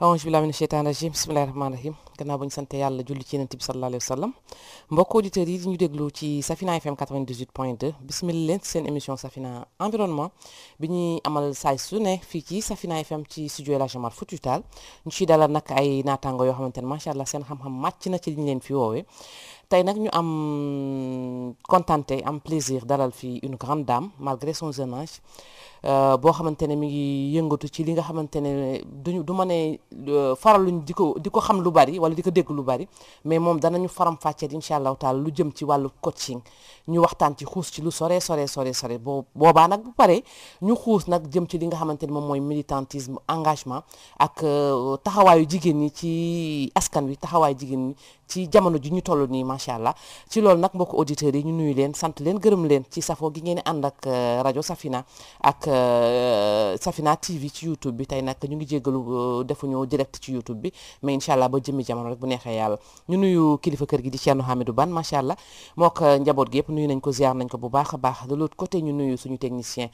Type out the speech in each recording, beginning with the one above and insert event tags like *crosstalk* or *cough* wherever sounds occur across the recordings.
aouzu bismillahi rahmaani rahim gannaaw ba ñu sante yàlla julli ci yonent bi sallallahu alayhi wa sallam mbokk yi di ñu déglu ci Safina FM 98 point 2 bismillah leen seen émission Safina environnement bi ñuy amal saay su ne fii ci Safina FM ci studio El Hadj Omar Foutiyou Tall ñu ciy dalal nag ay naataango yoo xamante ne macha allah seen xam-xam màcc na ci li ñu leen fi woowee tay nak ñu am contenté am plaisir dalal fi une grande dame malgré son jeune âge euh bo xamantene mi ngi yëngatu ci li nga xamantene duñu du ma ne euh, faraluñ diko diko xam lu bari wala diko dégg lu bari mais mom da nañu faram-fàcceel inshallah taala lu jëm ci walu coaching ñu waxtaan ci xuus ci lu sore sore sore sore boo boobaa nag bu paré ñu xuus nak jëm ci li nga xamantene mom moy militantisme engagement ak euh, taxawayu jigen ni ci askan wi taxawayu jigen ni ci jamono ji ñu toll nii macha allah ci loolu nag mbokk auditeurs yi ñu nuyu leen sant leen gërëm leen ci safo gi ngeen ànd ak euh, rajo Safina ak euh, Safina TV ci YouTube bi tey nag ñu ngi jéggalu euh, defuñu direct ci YouTube bi mais incha allah ba jëmmi jamono rek bu neexee yàlla ñu nuyu kilifa kër gi di Thierno Hamidou Bane macha allah moo ko njaboot gi yëpp nuyu nañ ko ziar nañ ko bu baax a baax de l'autre côté ñu nuyu suñu technicien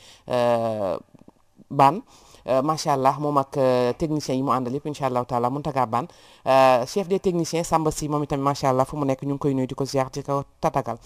Bane Euh, macha allah moom ak euh, techniciens yi mu àndal yëpp incha allahu taala Mountaga Bane euh, chef des techniciens Samba si moom itam macha allah fu mu nekk ñu ngi koy nuyu di ko ziar di ko tatagal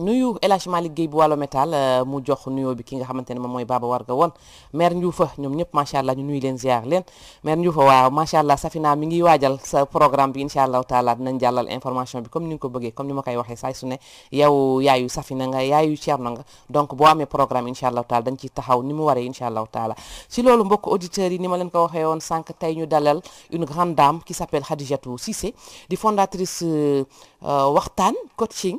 nu El Hadj Malick Guèye bu wàllu métal euh, mu jox nuyoo bi ki nga xamante ne moom mooy Baba Warga woon maire Ndioufa ñoom ñëpp macha allah ñu nuyu leen ziar leen maire Ndioufa waaw macha allah Safina mi ngi waajal sa programme bi incha allahu taala ko bëggee comme ni ma koy waxee saay su ne yow yaayu Safina nga yaayu Thierno nga donc boo amee programme incha allahu taala dañ ciy taxaw ni mu waree incha taala si loolu mbokk auditeurs yi ni ma leen ko waxee woon sànq tey ñu dalal une grande dame qui s'appelle Khadijatou Cissé di fondatrice euh, waxtaan coaching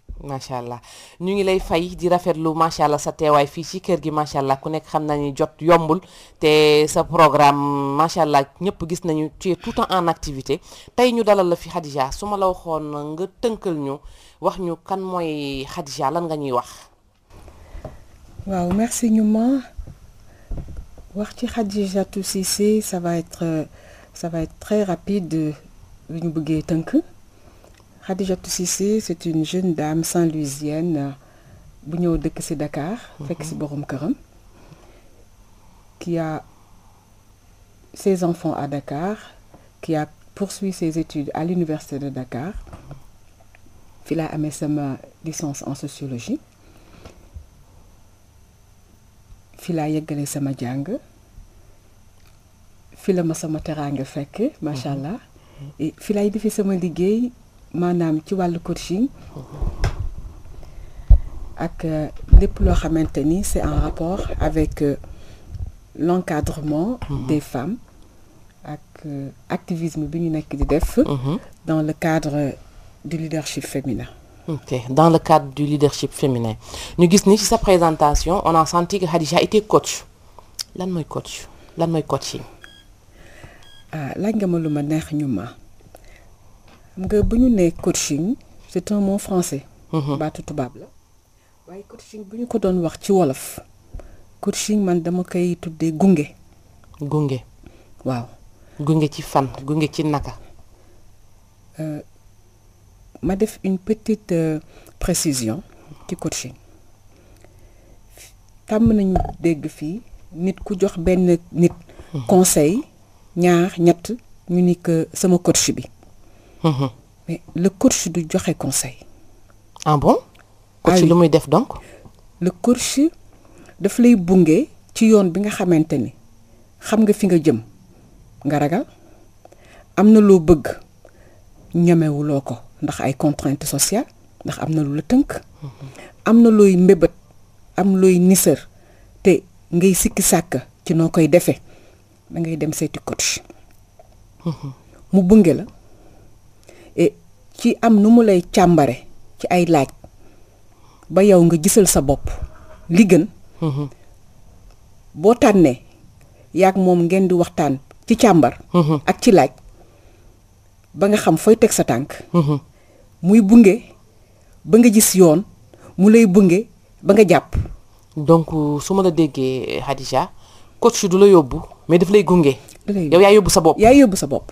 macha ñu ngi lay fay di rafetlu macha sa teway fi ci kër gi macha ku nekk xam na jot yombul te sa programme macha allah ñëpp gis nañu tu es tout temps en activité tay ñu dalal la fi Khadija suma ma la waxoon nga tënkal ñu wax ñu kan mooy Khadija lan nga ñuy wax. waaw merci ñu ma wax ci Khadijatou Cissé ça va être euh, ça va être très rapide euh, bu ñu bëggee tënk. Khadija Toussissi c'est une jeune dame saint-louisienne bu ñëw de ci Dakar. Mhm. fekk ci borom këram. qui a ses enfants à Dakar qui a poursuivi ses études à l'université de Dakar fi laa amee sama licence en sociologie fi laa yeggalee sama fil fi la ma sama teraanga fekk fil mhm. allah fi laay sama Madame ci le coaching ak les lo à c'est en rapport avec euh, l'encadrement mhm. des femmes ak euh, activisme bi ñu mhm. dans le cadre du leadership féminin Ok, dans le cadre du leadership féminin. Nous avons sa présentation, on a senti a déjà été coach. Lan coach? Lan coaching? Ah, nga bu coaching c'est un mot français. Mm-hmm. baatu tubaab la. waaye coaching bu ko don wax ci wolof. coaching man dama koy gungé. Gungé. gunge. waaw. gunge ci fan gunge ci naka. Euh, ma def une petite euh, précision qui coaching Tam nañu dégg fii nit ku jox ben nit. Mm-hmm. conseil ñaar ñatt ñu ni que sama coach bi. *laughs* mais le coach du joxe conseil. ah bon. coach lu muy def donc. le coach daf lay bunge ci yoon bi nga xamante ni xam nga fi nga jëm nga ragal am na loo bëgg ñemewuloo ko ndax ay contraintes sociales ndax am na lu la tënk. Mhm. am na looy mbébét am looy nisër te ngay sikki sàkk ci noo koy defee da ngay dem seeti coach. Mhm. mu bunge la. Eh, ci am nu mu lay càmbare ci ay laaj ba yow nga gisal sa bopp li gën mm-hmm. boo tànnee yaag moom ngeen di waxtaan ci càmbar mm-hmm. ak ci laaj ba nga xam fooy teg sa tànk mm-hmm. muy bunge ba nga gis yoon mu lay bunge ba nga jàpp donc su ma la déggee Khadija coach du la yóbbu mais daf lay gunge yow yaa yóbbu sa bopp yaa yóbbu sa bopp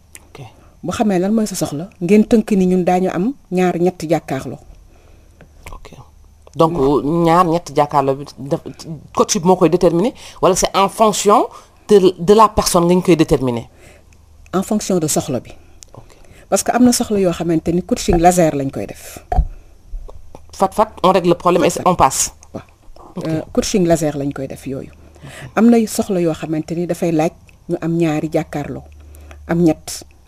bu xamé lan moy sa soxla ngeen tënk ni ñun dañu am ñaar ñett jakarlo ok donc ñaar ñett jakarlo bi coach bi moo koy déterminer wala c'est en fonction de de la personne nga koy déterminer. en fonction de soxla bi. parce que amna na soxla yoo xamante coaching laser lañ koy def. fat fat on règle le problème et on passe. Euh, coaching laser lañ koy def yoyu am na soxla yoo xamante ni dafay laaj ñu am ñaari jakarlo am ñett.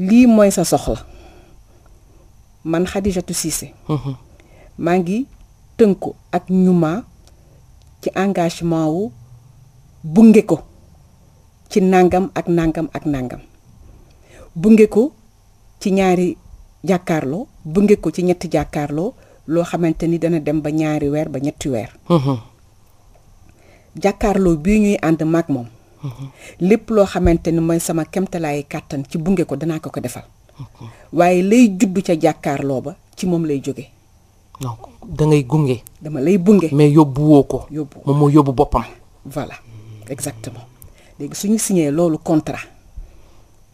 lii mooy sa soxla man Khadijatou Cissé mhm. maa ngi tënku ak ñuma ci engagement wu bunge ko ci nangam ak nangam ak nangam bunge ko ci ñaari jàkkaarloo bunge ko ci ñetti jàkkaarloo loo xamante ni dana dem ba ñaari weer ba ñetti weer mhm. jàkkaarloo bii ñuy ànd maag moom lépp loo xamante ni mooy sama kemtalaayu kàttan ci bunge ko danaa ko ko defal waaye lay juddu ca jàkkaarloo ba ci moom lay jóge donc da ngay gunge dama lay bunge mais yóbbuwoo ko yóbbu moom moo yóbbu boppam voilà exactement léegi suñu signé loolu contrat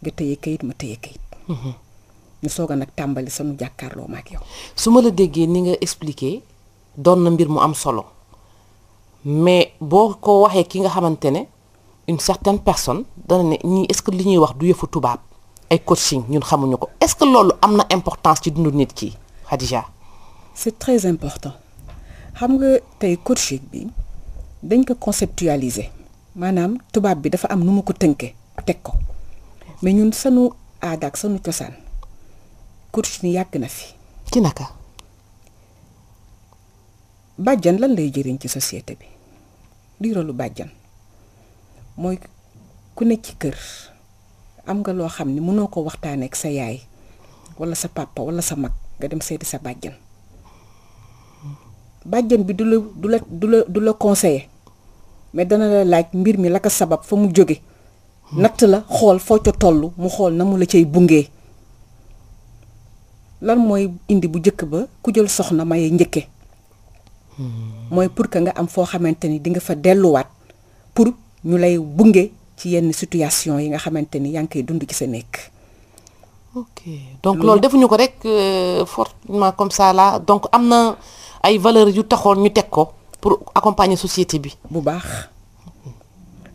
nga téye kayit ma téye kayit mm-hmm. ñu soog nag tàmbali sunu jàkkaarloo ma ak yow su ma la déggee ni nga expliqué doon na mbir mu am solo mais boo ko waxee ki nga xamante ne une certaine personne dana ni est-ce que li wax du yeufu tubab ay coaching ñun xamuñu ko est-ce que lolu a importance ci nit c'est très important xam nga tay coaching bi dañ ko conceptualiser manam tubab bi dafa am numu ko nous tek ko mais ñun sanu nous coaching na fi. ci naka. lan lay jëriñ ci société bi rolu Moy ku ne ci kër am nga lo xamni mëno ko waxtane ak sa yaay wala sa papa wala sa mag nga dem seeti sa bajjan bajjan bi dula dula dula la conseiller mais dana la laaj mbir mi la ka sabab fa mu jóge nat la xol fo ci tollu mu xol na mu la cey bungé lan moy indi bu jëk ba ku jël soxna maye ñëkke moy hmm. pour que nga am fo xamanteni di nga fa wat pour ñu lay bunge ci yenn situation yi nga xamanteni yang yaa koy dund ci sa nek ok donc lool defu ñuko rek euh, fortement comme ça là donc amna ay valeur yu taxone ñu tek ko pour accompagner société bi. bu baax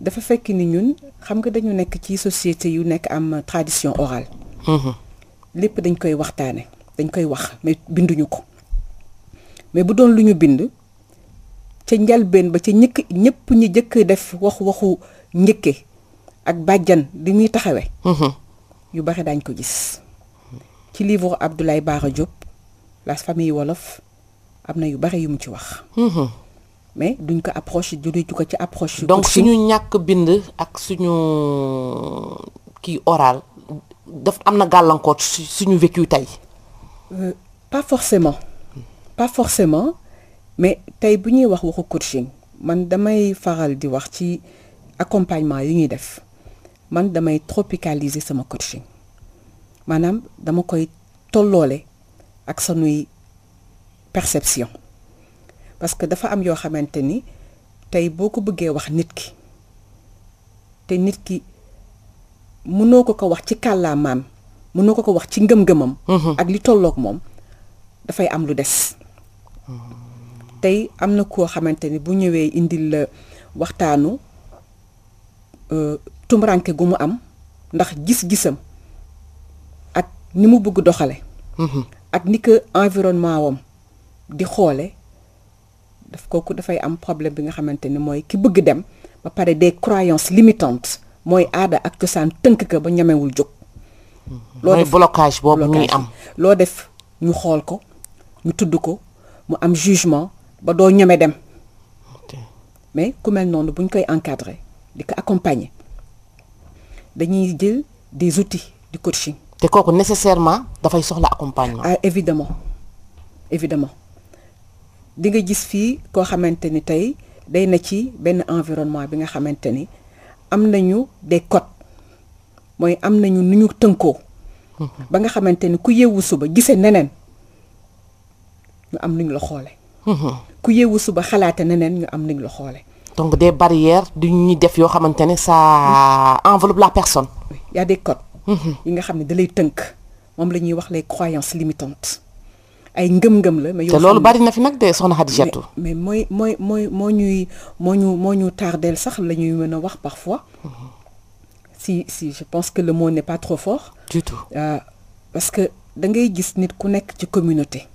dafa fekk ni ñun xam nga dañu nek ci société yu nek am tradition orale. Mhm. lépp dañ koy waxtaane dañ koy wax mais binduñu ko mais bu doon lu ñu bind ca njalbeen ba ci ñëkk ñëpp ñi jëkk def wax waxu ñëkke ak bàjjan di muy taxawe mhm. yu bari dañ ko gis ci livre Abdoulaye Bara Diop la famille wolof amna yu bari yu mu ci wax mhm. mais duñ ko approche jëlee ju ko ci approche. donc suñu ñak bind ak suñu ki oral daf amna galankot suñu vécu tey. Euh, pas forcément pas forcément mais tey bu ñuy wax waxu coaching man damay faral di wax ci accompagnement yu ñuy def man damay tropicaliser sama coaching maanaam dama koy tolloole ak sanuy perception parce que dafa am yoo xamante ni tey boo ko bëggee wax nit ki te nit ki mënoo ko ko wax ci kàllaamaam mënoo ko ko wax ci ngëm-ngëmam. Mm-hmm. ak li tolloog moom dafay am lu des. Mm-hmm. tay amna ko xamanteni bu indil la waxtaanu euh, am ndax gis-gisam ak ni mu bëgg mhm. ak ni environnement am problème bi nga ki bëgg ba des croyances limitantes qui aada ak teunk ke ba ñamewul mhm. blocage am lo def ñu ko ñu am jugement ba doo ñeme dem mais ku mel noonu bu ñu koy encadrer di ko accompagner dañuy jël des outils du coaching. te kooku nécessairement dafay soxla accompagnement. ah évidemment évidemment di nga gis fii koo xamante ni tey day na ci benn environnement bi nga xamante ni am des codes mooy am nañu nu ñu tënkoo. Mhm. ba nga xamante ni ku yewu suba gisee neneen ñu am la xoolee ku yewu suba xalaate na neen ñu am nañ la xolé donc des barrières du ñuy def yo xamantene ne ça enveloppe la personne il y a des codes mhm. yi nga xam ne da lay tënk moom la wax les croyances limitantes ay ngëm-ngëm la mais yo té lolu bari na fi nag dé soxna Xadijatu mais moy moy moy mo ñuy mo ñu mo ñu tardel sax lañuy mëna wax parfois mhm. si si je pense que le mot n'est pas trop fort du tout euh, parce que da ngay gis nit ku nekk ci communauté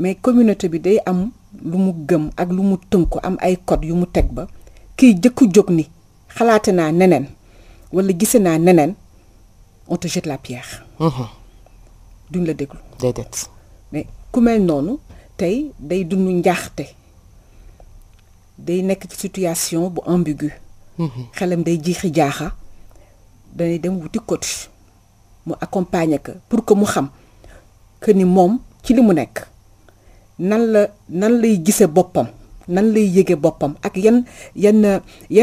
mais communauté bi day am lu mu gëm ak lu mu tënku am ay code yu mu teg ba kii jëkku jóg ni xalaate naa neneen wala gise naa neneen on te jette la pierre. Mhm. duñ la déglu. déedéet. mais ku mel noonu tey day dund njaaxte day nekk ci situation bu ambigu. Mhm. xelam day jiixi jaaxa. danay dem wuti coach mu accompagner ko pour que mu xam que ni moom ci li mu nekk nan la nan lay gisse bopam nan lay yegge bopam ak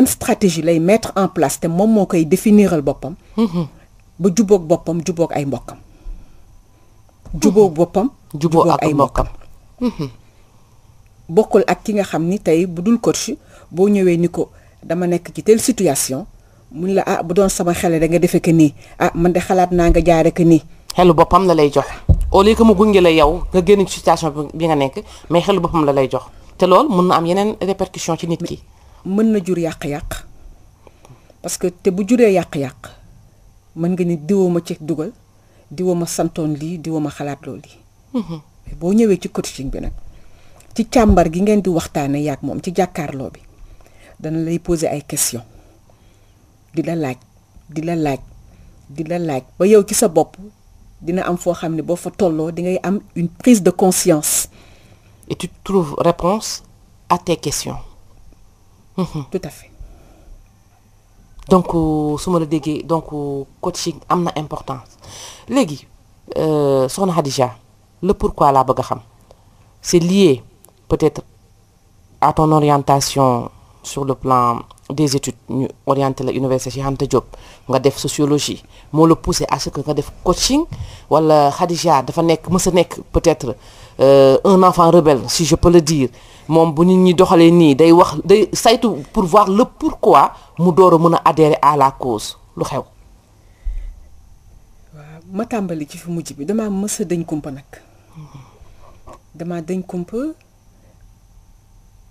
stratégie lay mettre en place un moments que définir le ba djubok bopam djubok ay mm-hmm. ay bokul mm-hmm. ak ki nga xamni tay budul coach bo ni dama telle situation la ah bu sama da nga que ah man de xalaat na nga que xelu bopam la lay jox au lieu que mu gungé la yaw nga génn ci situation bi nga nek mais xelu bopam la lay jox té lool mën na am yenen répercussion ci nit ki mën na jur yàq-yàq parce que té bu juré yàq-yàq mën nga ni diwoma ci dugal diwoma santone li diwoma xalat lool li hmm bo ñëwé ci coaching bi nak ci chambar gi ngeen di waxtane yak mom ci jakarlo bi dana lay poser ay question di la laaj di la laaj di la laaj ba yow ci sa bop dina am fo xamni bo fa di ngay am une prise de conscience. et tu trouves réponse à tes questions. tout à fait. donc euh, suma le la donc euh, coaching amna importance. importance euh son hadija le pourquoi la bëgg xam c'est lié peut-être à ton orientation sur le plan des études orienté à l'université de Anta Diop nga def sociologie moo le poussé à ce que nga def coaching wala Khadija dafa nek meuse nek peut-être euh, un enfant rebelle si je peux le dire mom bu nit ñi doxale ni day wax day saytu pour voir le pourquoi mu door a adhérer à la cause lu xew. ma tambali ci fi mujj bi dama meuse deñ kumpa nak mm-hmm. dama deñ kumpa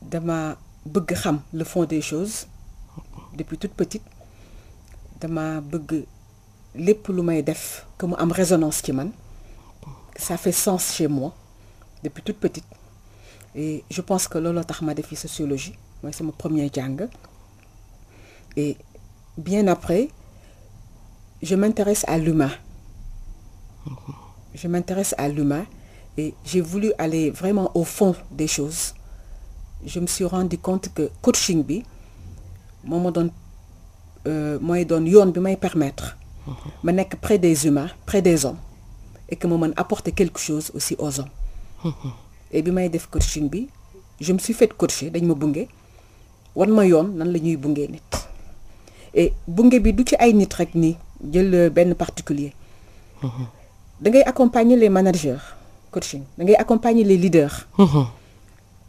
dama le fond des choses depuis toute petite dama ma lépp lu may def que mu am résonance ci ça fait sens chez moi depuis toute petite et je pense que ce tax ma def sociologie c'est mon premier jàng et bien après je m'intéresse à l'humain je m'intéresse à l'humain et j'ai voulu aller vraiment au fond des choses je me suis rendu compte que coaching bi moment donne euh, mooy donne, yon bi may permettre ma nek près des humains près des hommes et que moment apporter quelque chose aussi aux hommes et bi may def coaching bi je me suis fait coacher dañ ma bungé wan ma yoon nan lañuy bungé nit et bungé bi du ci ay nit rek ni jël ben particulier mhm. da ngay accompagner les managers coaching da accompagner les leaders mhm.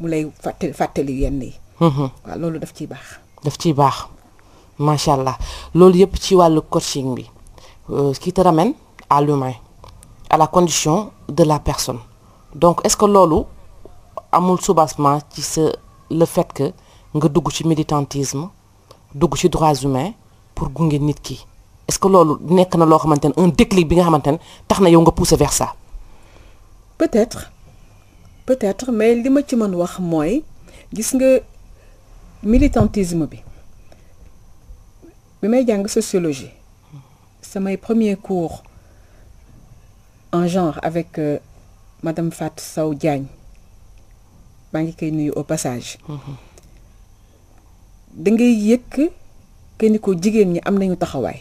mu lay fàttali fàttali yenn yi. Mhm. waaw loolu daf ciy baax. daf ciy baax macha allah loolu ci coaching bi euh, qui te ramène à l'humain à la condition de la personne donc est-ce que lolo amul soubassement qui c'est le fait que nga dugg ci militantisme dugg ci droits humains pour gunge nit ki est-ce que lolo n'est na loo xamante un déclic bi nga xamante ne pousser vers ça. peut-être peut-être mais li ma ci mën wax mooy gis nga militantisme bi bi may jàng sociologie samay premier cours en genre avec euh, madame Fat Sow Diagne maa ngi koy nuyu au passage mm-hmm. da ngay yëkk kenn ko jigéen ñi am nañu taxawaay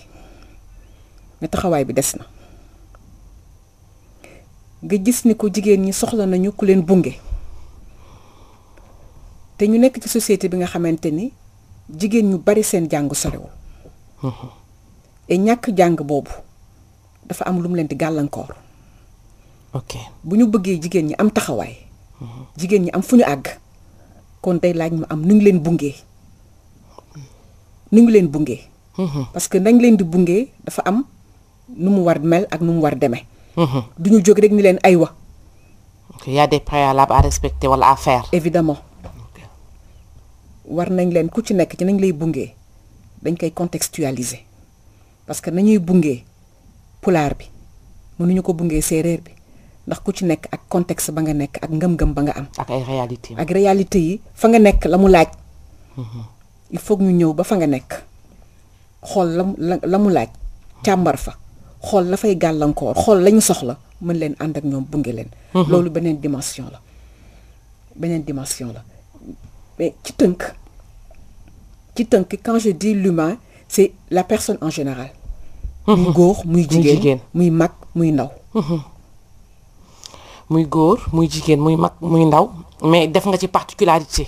mais taxawaay bi des na nga gis ni ko jigéen ñi soxla nañu ku leen bunge te ñu nekk ci société bi nga xamante ni jigéen ñu bari seen jàng sorewul e ñàkk jàng boobu dafa am mu leen di gàllankoor ok bu ñu bëggee jigéen ñi am taxawaay mm-hmm. jigéen ñi am fu ñu àgg kon day laaj mu am nu ñu leen bungee nu ñu leen bungee mm-hmm. parce que nañ leen di bungee dafa am nu mu war mel ak nu mu war demee Mhm. du ñu jóg rek ni leen ay wa il y a des préalables à respecter wala à nañ leen ku ci nekk ci nañ lay bungee dañ koy contextualiser parce que nañuy bungee pulaar bi mënuñu ko bungee séeréer bi ndax ku ci nekk ak contexte ba nga nekk ak ngëm-ngëm ba nga am. ak ay réalités ak réalités yi fa nga nekk la mu laaj. Mhm. il foog ñu ñëw ba fa nga nekk xool la la mu laaj càmbar fa. xol la fay galankor xol lañ soxla mën leen and ak ñoom bunge leen mhm. loolu beneen dimension la beneen dimension la mais ci tënk ci tënk quand je dis l'humain c'est la personne en général mhm. muy góor muy jigéen muy mag muy ndaw mhm. muy góor muy jigéen muy mag muy ndaw mais def nga ci particularité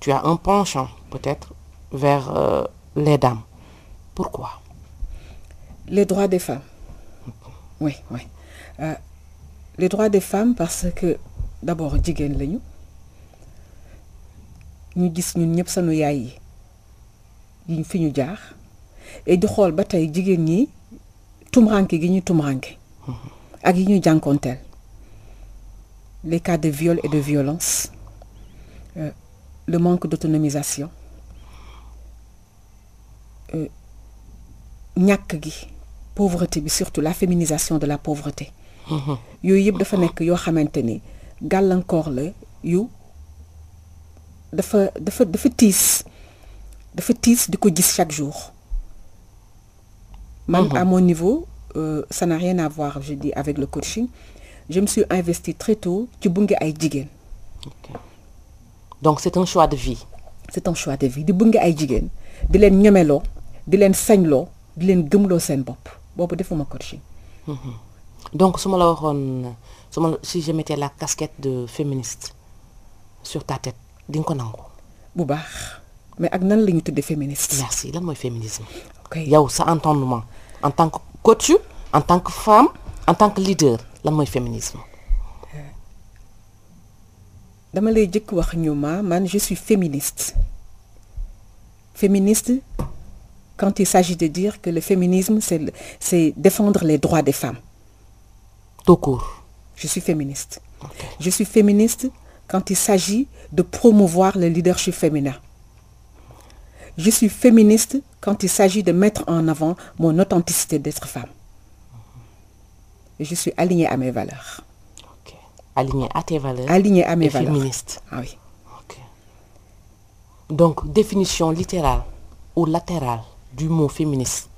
tu as un penchant peut-être vers euh, les dames pourquoi les droits des femmes. Oui, oui. Euh, les droits des femmes parce que d'abord Nous lañu ñu gis ñun ñëpp yaay yi yiñ et di xool ba tey sont ñi gi les cas de viol et de violence euh, le manque d'autonomisation euh, pauvreté mais surtout la féminisation de la pauvreté Il mhm. y dafa des yoo qui ni encore la yu dafa dafa dafa tiis dafa tiis di ko chaque jour Même mhm. à mon niveau euh, ça n'a rien à voir je dis avec le coaching je me suis investi très tôt ci bunge ay donc c'est un choix de vie c'est un choix de vie di bunge ay De di leen de di de di Bon, defuma coaching. Mhm. donc suma Donc, la waxone suma si je mettais la casquette de féministe sur ta tête ding ko nangu. bu baax mais ak nan la ñu féministe. merci lan moy féminisme. yow sa entendement en tant que coach en tant que femme en tant que leader lan moy féminisme. dama lay jëkk wax ñu ah, man je suis féministe féministe quand il s'agit de dire que le féminisme, c'est défendre les droits des femmes. Tout Je suis féministe. Je suis féministe quand il s'agit de promouvoir le leadership féminin. Je suis féministe quand il s'agit de mettre en avant mon authenticité d'être femme. je suis alignée à mes valeurs. Alignée à tes valeurs. Alignée à mes valeurs. Féministe. Ah oui. Donc, définition littérale ou latérale du mot féministe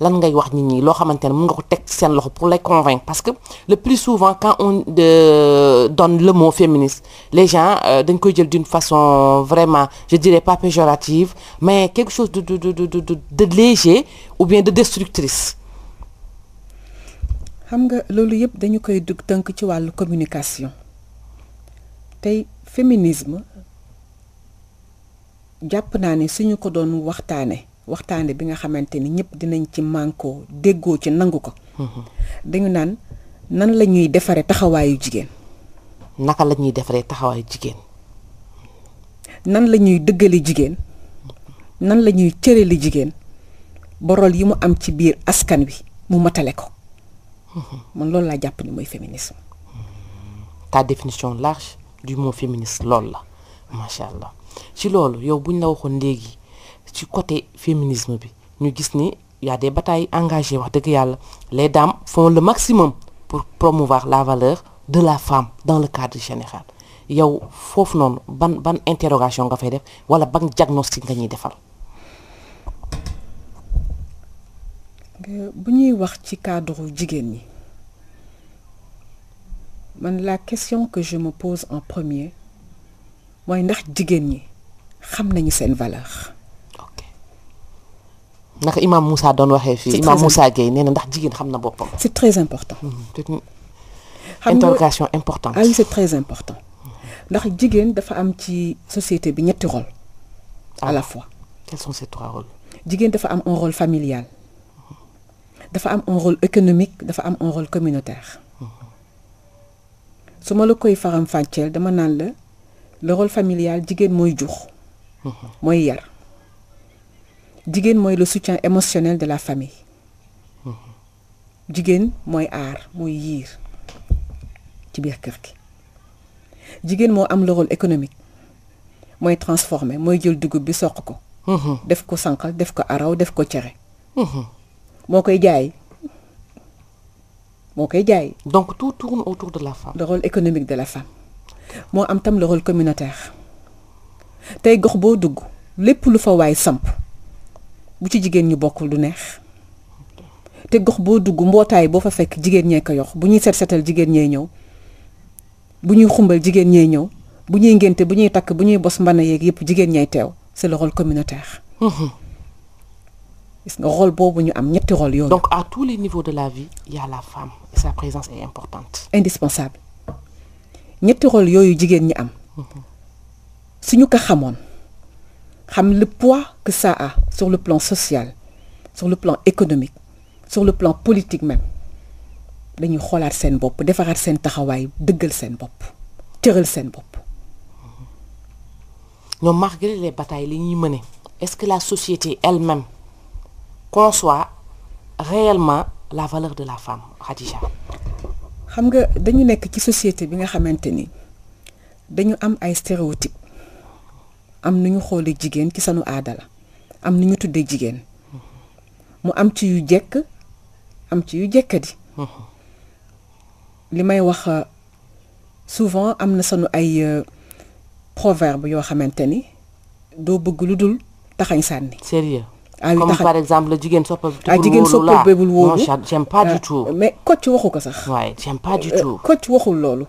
lan ngay wax nit ñi loo xamante ne mën nga ko teg seen loxo pour les convaincre parce que le plus souvent quand on donne le mot féministe les gens euh, dañ koy jël d'une façon vraiment je dirais pas péjorative mais quelque chose de de de de léger ou bien de destructrice. xam nga loolu yëpp dañu koy dug tënk ci wàllu communication tey féminisme jàpp naa ne suñu ko doon waxtaane waxtaane bi nga xamante ni ñëpp dinañ ci mànkoo déggoo ci nangu ko mhm. dañu naan nan la ñuy defaree taxawaayu jigéen naka la ñuy defaree taxawaayu jigéen nan la ñuy dëggale jigéen nan la ñuy li jigéen ba yi mu am ci biir askan wi mu matale ko mhm. man loolu laa jàpp ni mooy féminisme hmm. ta définition large du mot féministe loolu la macha allah ci loolu yow buñ la waxoon léegi Du côté féminisme Nous disons qu'il y a des batailles engagées les dames font le maximum pour promouvoir la valeur de la femme dans le cadre général yow y non, ban ban interrogation ou fay def diagnostic nga vous defal. bu ñuy cadre De la la question que je me pose en premier c'est ndax jigéen ramener xam nañu valeur naka Imam Moussa doon waxee fii. Imam Moussa Gueye nee na ndax jigéen xam na boppam. c' est très important. Hum, interrogation importante. ah oui c' est très important ndax jigéen dafa am ci société bi ñetti rôle. à ah. la fois. quels sont ces trois rôles. jigéen dafa am un rôle familial dafa am un rôle économique dafa am un rôle communautaire hum. su ma la koy faram fàcceel dama naan la le rôle familial jigéen mooy jux hum. mooy yar jigéen moy le soutien émotionnel de la famille jigéen moy art, moy yir. ci biir kër gi mo moo am le rôle économique Moy transformer moy jël dugub bi sokko ko def ko sankal, def ko araw def ko Mo koy jaay Mo koy jaay donc tout tourne autour de la femme le rôle économique de la femme Mo am tam le rôle communautaire Tay gox dugu, dugg lepp lu fa way samp bu ci jigéen ñu bokkul du neex te gox boo dugg mbootaay boo fa fekk jigéen ñee ko yox bu ñuy set setal jigéen ñee ñëw bu ñuy xumbal jigéen ñee ñëw bu ñuy ngénte bu ñuy takk bu ñuy bos mbana yeeg yépp jigéen ñay teew c'est le rôle communautaire. Mhm. gis nga rôle boobu ñu am ñetti rôle yooyu. donc à tous les niveaux de la vie il y a la femme et sa présence est importante. indispensable ñetti rôle yooyu jigéen ñi am. Mhm. suñu ko xamoon le poids que ça a sur le plan social sur le plan économique sur le plan politique même Dañu xoolaat seen bopp defaraat seen taxawaay dëggal seen bopp tëral seen bopp. ñoom malgré les batailles li ñuy mëne est-ce que la société elle-même conçoit réellement la valeur de la femme Khadija. xam nga dañu nekk ci société bi nga xamante ni dañu am ay stéréotypes am nu ñu xoolee jigéen ci sanu aada la am nu ñu tuddee jigéen mu am ci yu jekk am ci yu jekkadi li may wax euh, souvent am na sanu ay euh, proverbe yoo xamante ni doo bëgg lu dul taxañ sànni. sérieux ah, par exemple jigéen soppabul ah, jigéen soppabul wóolu ah, j'aime pas du euh, tout mais Kocc waxu ko sax. waaye j'aime pas du tout. Kocc waxul loolu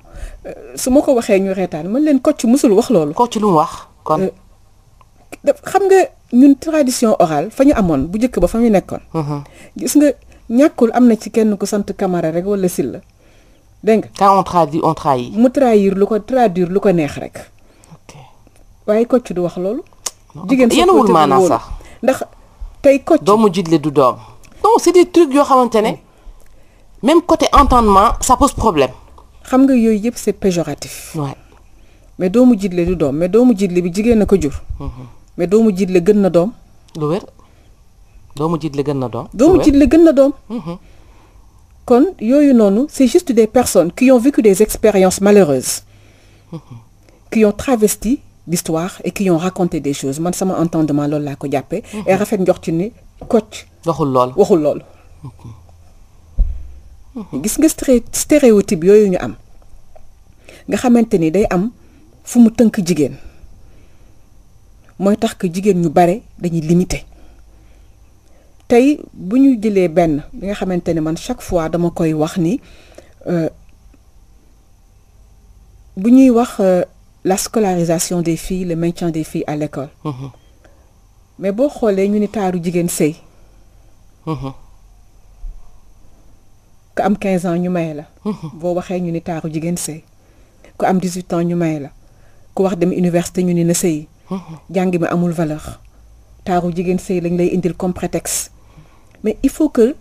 su ma ko waxee ñu reetaan man leen Kocc musul wax loolu. Kocc lu mu wax kon euh, xam nga ñun tradition orale fa ñu amoon bu njëkk ba fa ñu nekkoon. Mhm. gis nga ñàkkul am na ci kenn ku sant Camara rek wala Sylla dégg nga. quand on traduit on trahit. mu trahir lu ko traduire lu ko neex rek. waaye Kocc du wax loolu. jigéen sax yenewul maanaa sax. ndax tey Kocc. doomu jiitle du doom. non c'est des trucs yoo xamante ne même côté entendement ça pose problème. xam nga yooyu yëpp c'est péjoratif. waaw mais doomu jiitle du dom, mais doomu jiitle bi jigéen na ko jur. Mhm. mais doomu le gën na doom. lu wér doomu le gën na doom. doomu le gën na doom. Mhm. kon yoyu nonu, c'est juste des personnes qui ont vécu des expériences malheureuses. Mhm. qui ont travesti l'histoire et qui ont raconté des choses man sama entendement lol la ko jappé et rafet njox ci ni coach. waxul lol waxul lool. gis nga stéréotype yoyu ñu am nga xamanteni day am fu teunk jigen moy tax que jigen ñu bare dañuy limité tay bu ñu jëlee benn bi nga xamante man chaque fois dama koy wax ni euh, bu ñuy wax euh, la scolarisation des filles le maintien des filles à l'école -hmm. mais bo xolé ñu ni taru taaru jigéen -hmm. Uh-huh. ko am 15 ans ñu may la uh-huh. boo waxee ñu ni taru jigen sey ko am 18 ans ñu may la ku wax dem université ñu ni na sey uh-huh. jàng mi amul valeur taaru jigéen sey lañ lay indil comme prétexte mais il faut que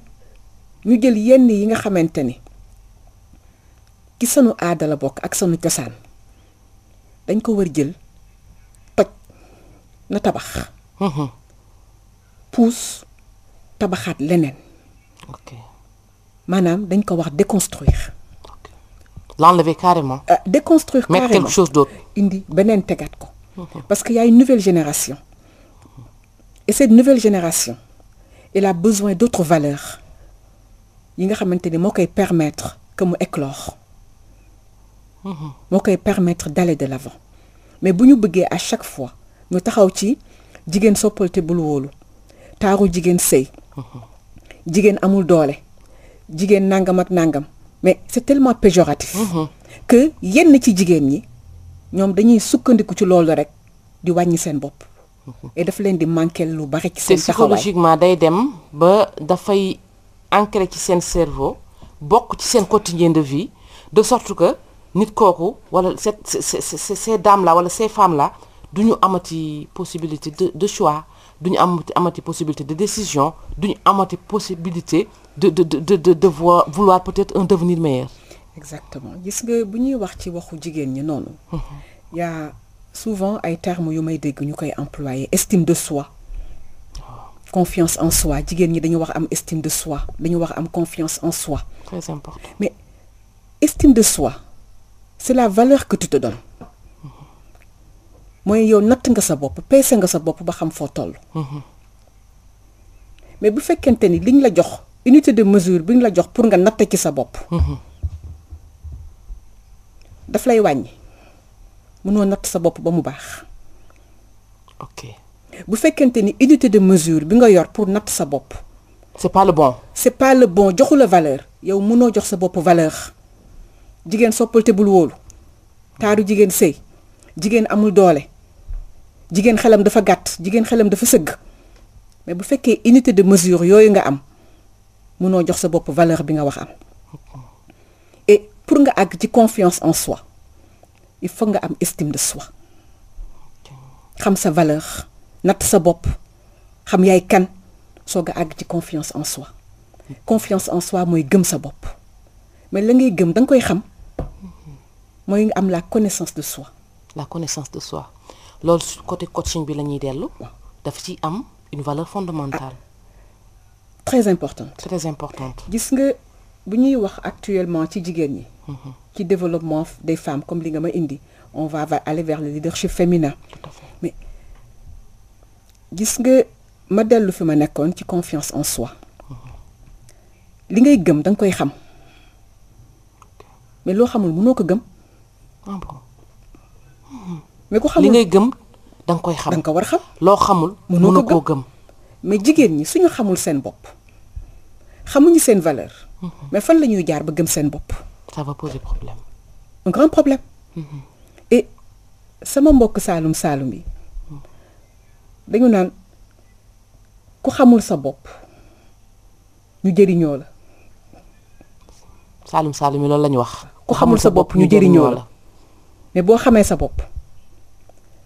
ñu jël yenn yi nga xamante ni ki sunu aada la bokk ak sunu cosaan dañ ko wër jël toj na tabax uh-huh. puus tabaxaat leneen maanaam dañ ko wax déconstruire l'enlever carrément. Euh, déconstruire carrément mettre quelque chose d'autre. indi benen tegaat ko. parce qu'il y a une nouvelle génération. et cette nouvelle génération elle a besoin d'autres valeurs. valeurs yi nga xamante ni qui koy permettre que mu éclore. moo vais permettre d'aller de l'avant. mais si nous voulons à chaque fois ñu taxaw ci jigéen soppal te bul wóolu taaru jigéen sëy jigéen amul doole jigéen nangam ak nangam mais c'est tellement péjoratif. Mhm. que yenn ci jigéen ñi ñom dañuy sukkandiku ci lolu rek di wañi sen bop mhm. et daf leen di manqué lu bari ci seen taxawaay psychologiquement day dem ba fay ancré ci sen cerveau bokk ci sen quotidien de vie de sorte que nit koku wala ces ces ces dames là wala ces femmes là duñu amati possibilité de de choix duñ am amati possibilité de décision duñ amati possibilité de de de de de vouloir peut-être un devenir meilleur. exactement gis nga bu ñuy wax ci waxu jigen ñi mhm. y ya souvent ay termes yu may dégg ñukay employé estime de soi. Oh. confiance en soi jigen ñi dañu wax am estime de soi dañu wax am confiance en soi. très important mais estime de soi c'est la valeur que tu te donnes mooy yow natt nga sa bopp peese nga sa bopp ba xam foo toll mhm. mais bu fekkente ni liñ la jox unité de mesure bi ñu la jox pour nga natt ci sa bopp mhm. daf lay wàññi mënoo natt sa bopp ba mu baax ok bu fekkente ni unité de mesure bi nga yor pour natt sa bopp c'est pas le bon c'est pas le bon joxu la valeur yow mënoo jox sa bopp valeur jigéen soppal te bul wóolu taaru jigéen sëy jigéen amul doole jigéen xelam dafa gàtt jigéen xelam dafa sëgg mais bu une unité de mesure yooyu nga am mënoo jox sa bopp valeur et pour nga ci confiance en soi il faut nga am estime de soi xam sa valeur nat sa bopp xam yaay kan confiance en soi confiance en soi mooy gëm sa mais la ngay gëm da koy la connaissance de soi. la connaissance de soi. Le côté coaching bi la déllu daf ci am une valeur fondamentale très importante très importante gis nga bu ñuy actuellement ci jigéen ñi mhm. ci développement des femmes comme li nga ma indi on va aller vers le leadership féminin mais gis nga ma déllu fi ma nekkoon ci confiance en soi mhm. li ngay gëm da nga koy xam mais loo xamul mënoo ko gëm ah mhm mais ko xamul li ngay gëm dang koy xam dang ko war xam. lo xamul mënoo koo gëm mais jigen ñi suñu xamul seen bop xamuñu seen valeur. Mhm. mais fan la jaar ba gëm seen bop ça va poser problème. un grand problème. Mhm. et sama mbokk saalum saalum yi mhm. dañu naan ku xamul sa bop ñu jëriñoo la. saalum saalum yi loolu la ñu wax. ku xamul sa bopp ñu jëriñoo la mais boo xamee sa bopp.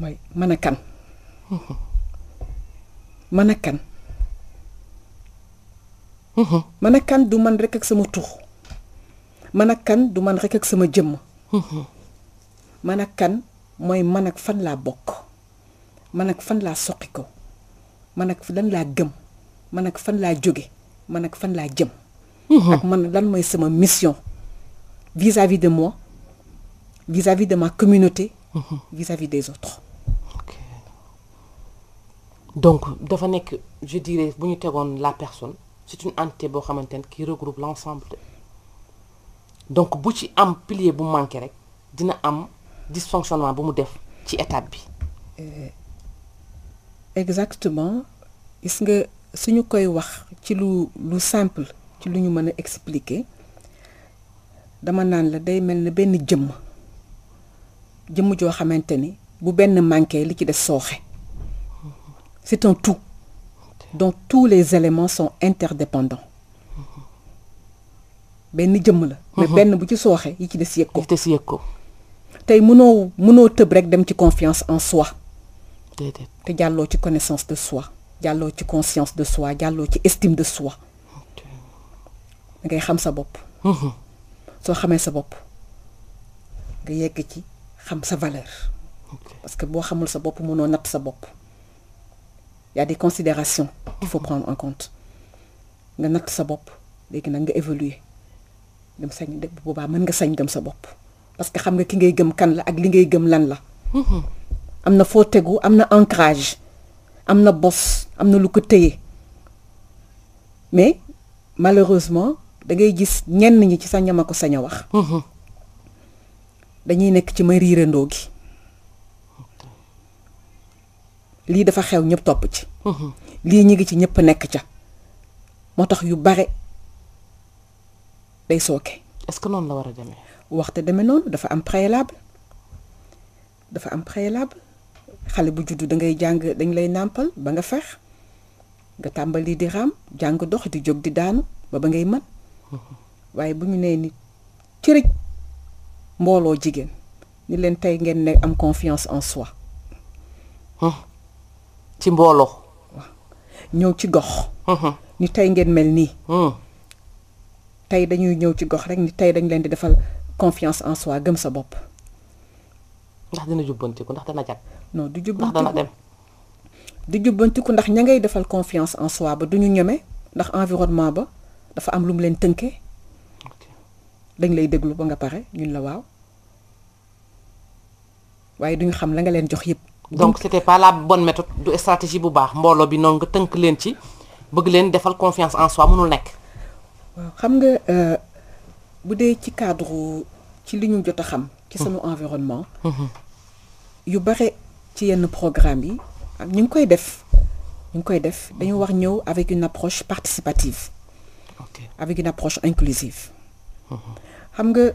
mooy mën a kan mën a kan mën a kan du man rek ak sama tux mën la kan du man rek ak sama jëmm mën a man ak fan la bokk man ak fan laa je man ak man ak fan laa jóge man ak fan la jëm ak man mission vis-à-vis de moi vis-à-vis de ma communauté vis-à-vis des autres donc dafa nekk je dirais bu ñu la personne c'est une entité boo xamante qui regroupe l'ensemble donc bu ci am pilier bu manqué rek dina am dysfonctionnement bu mu def ci étape bi eh, exactement gis nga suñu koy wax ci lu lu simple ci lu ñu mën a expliquer dama naan la day mel ne benn jëmm jëmm joo xamante ni bu benn manqué li ci des sooxe c'est un tout dont tous les éléments sont interdépendants. Ben jëmm la. mais ben bu ci sooxee yi ci des yëg ko. des yëg ko. rek dem ci confiance en soi. te jallo ci connaissance de soi jallo ci conscience de soi jallo ci estime de soi. ngay xam sa bop. Mhm. So xamé sa bop. nga yegg ci xam sa valeur. parce que bo xamul sa bop mënoo nat sa bop il y a des considérations qu'il faut prendre en compte nga sa nga évoluer dem sañ nga sañ parce que xam nga ki ngay gëm kan la ak li ngay gëm lan la mm-hmm. ancrage lu mais malheureusement da ngay gis ñenn ñi ci mm-hmm. dañuy li dafa xew ñep top ci lii ñi ngi ci ñep nek ca motax yu bare day soké est-ce que non la wara démé waxté démé non dafa am préalable dafa am préalable xalé bu judd da ngay jang dañ lay nampal ba nga fex nga tambali di ram jang dox di jog di daanu ba ba ngay man waye bu ñu nee ni cëriñ mbolo jigen ni len tay ngeen ne am confiance en soi ci sommes ci gox. Mhm. ni tay ngeen mel mhm. dañuy ci gox rek ni tay dañ leen di defal confiance en soi gëm sa bop ndax dina non du ndax ngay defal confiance en soi ba duñu ñëmé ndax environnement ba dafa am lu leen dañ lay déglu ba nga ñun la waaw. la nga leen jox donc c'était pas la bonne méthode de stratégie bu baax mbolo bi noonu nga tënk leen ci bëgg leen defal confiance en soi mënul nek waaw xam nga euh, bu dee ci cadre ci liñu jotta xam. ci hmm. sunu environnement. yu bare ci yenn programme yi ñu ngi koy def ñu koy def dañu wax ñëw avec une approche participative. ok avec une approche inclusive. xam nga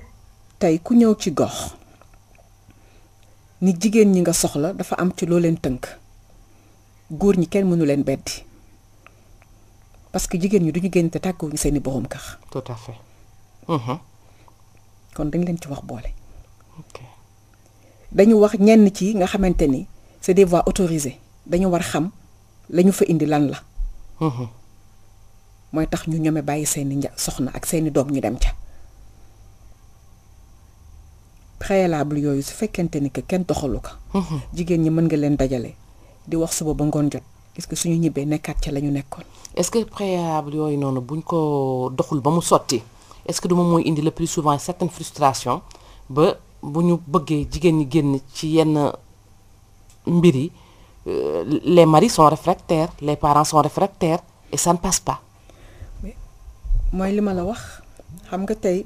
tay ku ñëw ci gox. ni jigen ñi nga soxla dafa am ci lo leen teunk goor ñi kenn mënu leen beddi parce que jigen ñi duñu génn te tàggoo ñu seeni borom kax tout à fait mhm. kon dañ leen ci wax boole dañu wax ñenn ci nga xamanteni c'est des voix autorisées dañu war xam lañu fa indi lan la mhm. mooy tax ñu ñome bàyyi seeni soxna ak seeni doom ñu dem ca préalable yooyu su fekkente ni que kenn doxalu ko. Mhm. jigéen ñi mën nga leen dajale di wax suba ba ngoon jot est-ce que suñu ñibbee nekkaat ca la ñu est-ce que préalable yooyu noonu buñ ko doxul ba mu sotti est-ce que duma moom mooy indi le plus souvent certaine frustration ba bu ñu bëggee jigéen ñi génn ci yenn mbir euh, les maris sont réfractaires les parents sont réfractaires et ça ne passe pas. mooy li ma la wax xam nga tey.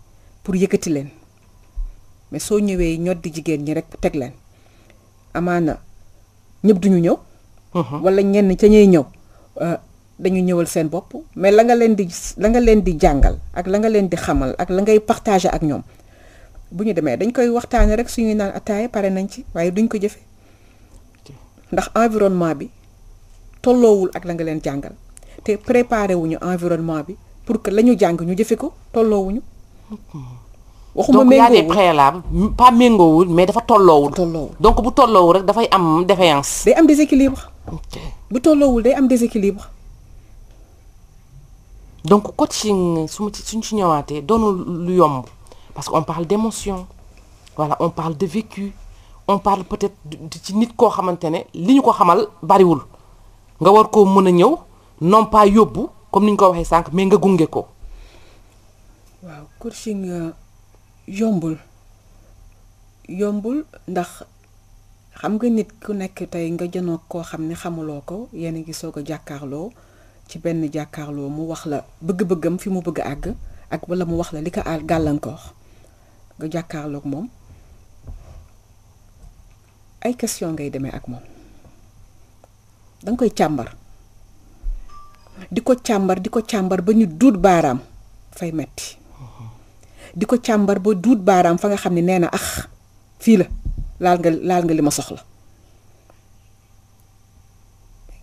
pour yëkkati leen mais soo ñëwee ñoddi jigéen ñi rek teg leen amaana ñëpp duñu ñëw uh-huh. wala ñenn ca ñuy ñëw euh, dañu ñëwal seen bopp mais la nga leen di la nga leen di jàngal ak la nga leen di xamal ak la ngay partager ak ñoom bu ñu demee dañ koy waxtaane rek suñuy naan ataaya pare nañ ci waaye duñ ko jëfe ndax environnement bi tolloowul ak la nga leen jàngal te préparé wuñu environnement bi pour que la ñu jàng ñu jëfe ko tolloowuñu waxuma méngoowul donc y a des préalables pas méngoowul mais dafa tolloowul. tolloowul donc bu tolloowul rek dafay am défaillance. day am déséquilibre. ok bu tolloowul day am déséquilibre. donc coaching su ci suñ ci ñëwaatee doonul lu yomb parce qu'on parle d'émotion voilà on parle de vécu on parle peut-être ci nit ko xamantene ne li ñu ko xamal bariwul nga war ko mëna a ñëw non pas yobbu comme niñ ko waxé sank mais nga gunge ko. Kursing yombul yombul ndax xam nga nit ku nekk tey nga janoo koo xam ne xamuloo ko yéen gi ngi soog a jàkkaarloo ci benn jàkkaarloo mu wax la bëgg-bëggam fi mu bëgg àgg ak wala mu wax la li ko aar gàllankoor nga jàkkaarloog moom ay question ngay demee ak moom danga koy càmbar di ko càmbar di ko càmbar ba ñu duut baaraam fay metti diko ko bo ba baram fa nga xamni neena nee na ax ah, fii la laal nga laal nga lima soxla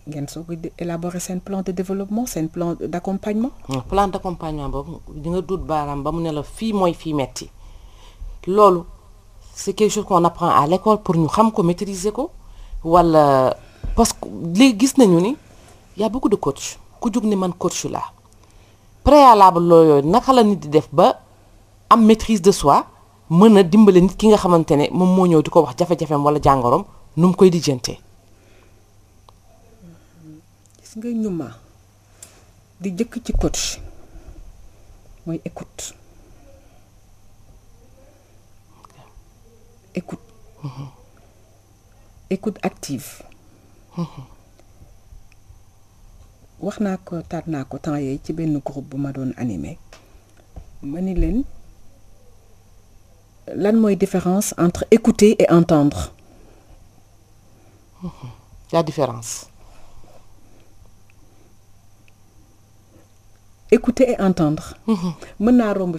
ngeen soog a élaborer seen plan de développement seen plan d' accompagnement. plan d' accompagnement boobu di nga duut baaraam ba mu ne la fii mooy fii metti loolu c' est quelque chose qu'on apprend à l'école pour ñu xam ko maîtriser ko wala parce que léegi gis nañu ni y a beaucoup de coach ku jug ni man coach laa préalable loo yooyu naka la nit di def ba. am maîtrise de soi mën a dimbale nit ki nga xamante ne moom moo ñëw di ko wax jafe-jafeem wala jàngoroom nu mu koy lijjante gis nga ñuma di jëkk ci coach mooy écoute écoute mm-hmm. écoute active mm-hmm. wax naa ko taat naa ko temps yooyu ci benn groupe bu ma doon animé ma ni leen La différence entre écouter et entendre. Mmh. la différence. écouter et entendre. Mmh. mën romb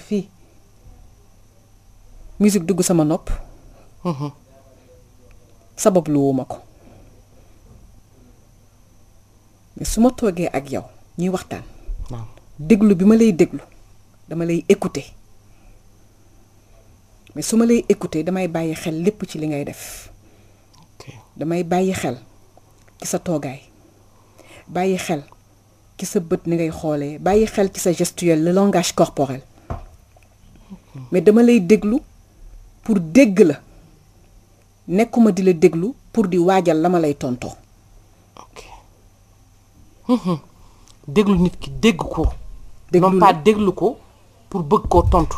musique de sama nopp. Mmh. sabab lu mais su ma toogee ak yow ñuy waxtaan. déglu bi dama écouter mais su lay écouter damay bàyyi xel lepp ci li ngay def damay bàyyi xel ci sa toogaay bàyyi xel ci sa bët ni ngay xoolee bàyyi xel ci sa gestuelle le langage corporel mais dama lay déglu pour dégg la nekkuma di la déglu pour di waajal la ma lay tontoo déglu nit ki dégg ko non pas déglu ko pour bëgg koo tontu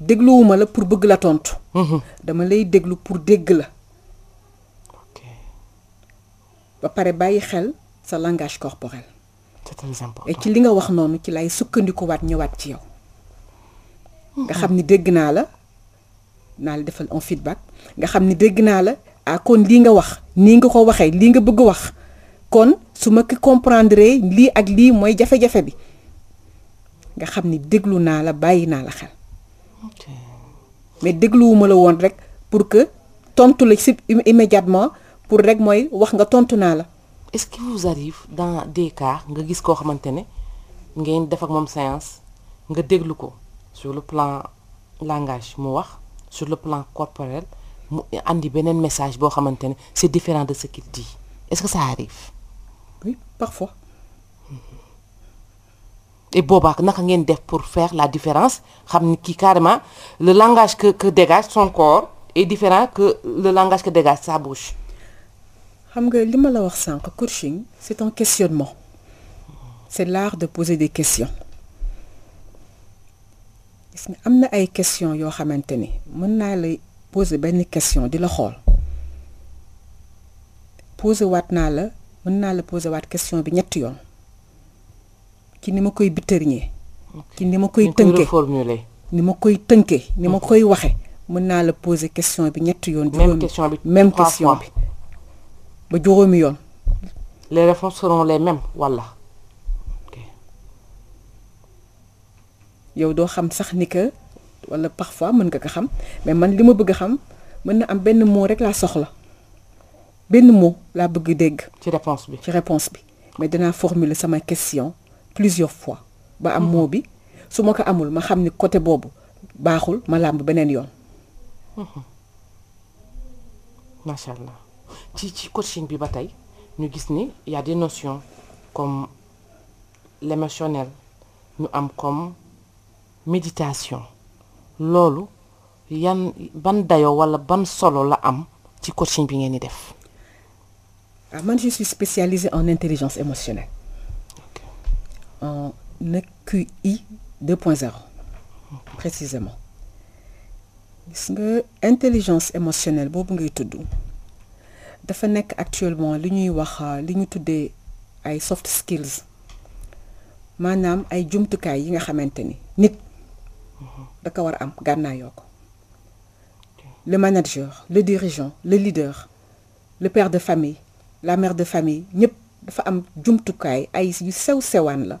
je la pour bëgg la tontu. Mhm. dama lay déglu pour dégg la. ba pare bàyyi xel sa langage corporel. c'est très important et ci li nga wax noonu ci lay sukkandikuwaat ñëwaat ci yow. Mhm. nga xam ni la naa defal un feedback nga xam ni dégg la ah kon lii nga wax nii nga ko waxee lii nga bëgg wax kon comprendre ak lii mooy jafe-jafe bi nga xam ni déglu la bàyyi la xel mais dégluwuma la won rek pour que tontu la si immédiatement pour rek moy wax nga tontu na la. est-ce qu'il vous arrive dans des cas nga gis ko xamantene ngeen def ak mom séance nga déglu ko sur le plan langage mu wax sur le plan corporel mu andi un message bo xamantene c'est différent de ce qu'il dit est-ce que ça arrive. oui parfois. Mm-hmm et Bobak, naka ngeen def pour faire la différence xamni ki carrément le langage que que dégage son corps est différent que le langage que dégage sa bouche. xam nga li la wax sank coaching c'est un questionnement c'est l'art de poser des questions gis nga am ay questions yo xamanteni mën lay poser ben question di la poser wat na la mën na la poser wat question bi ñetti yoon ci ni ma koy bitërñee ci ni ma koy tënké ni ma koy ni ma koy waxé mën naa la poser question bi ñetti yoon même question bi même question bi ba juróomi yoon les réponses seront les mêmes walla yow doo xam sax ni que walla parfois mën nga ko xam mais man li ma bëgg a xam mën na am benn mot une laa soxla benn mot laa bëgg dégg ci réponse bi ci réponse bi mais formuler sama question plusieurs fois ba am mm-hmm. mo bi suma ko amul ma xamni côté bobu baxul ma làmb beneen yoon mm-hmm. sha allah ci ci coaching bi batay ñu gis ni y a des notions comme l'émotionnel ñu am comme méditation lolu, yan ban dayo wala ban solo la am ci coaching bi ngeen di def. Ah, man je suis spécialisée en intelligence émotionnelle en EQI 2.0, précisément. l'intelligence nga intelligence émotionnelle boobu ngay tudd dafa actuellement l'union ñuy wax li ñu ay soft skills manam ay jumtukaay yi nga xamanteni ni nit da ka war am le manager le dirigeant le leader le père de famille la mère de famille ñep dafa am jumtukaay ay yu sew sewaan la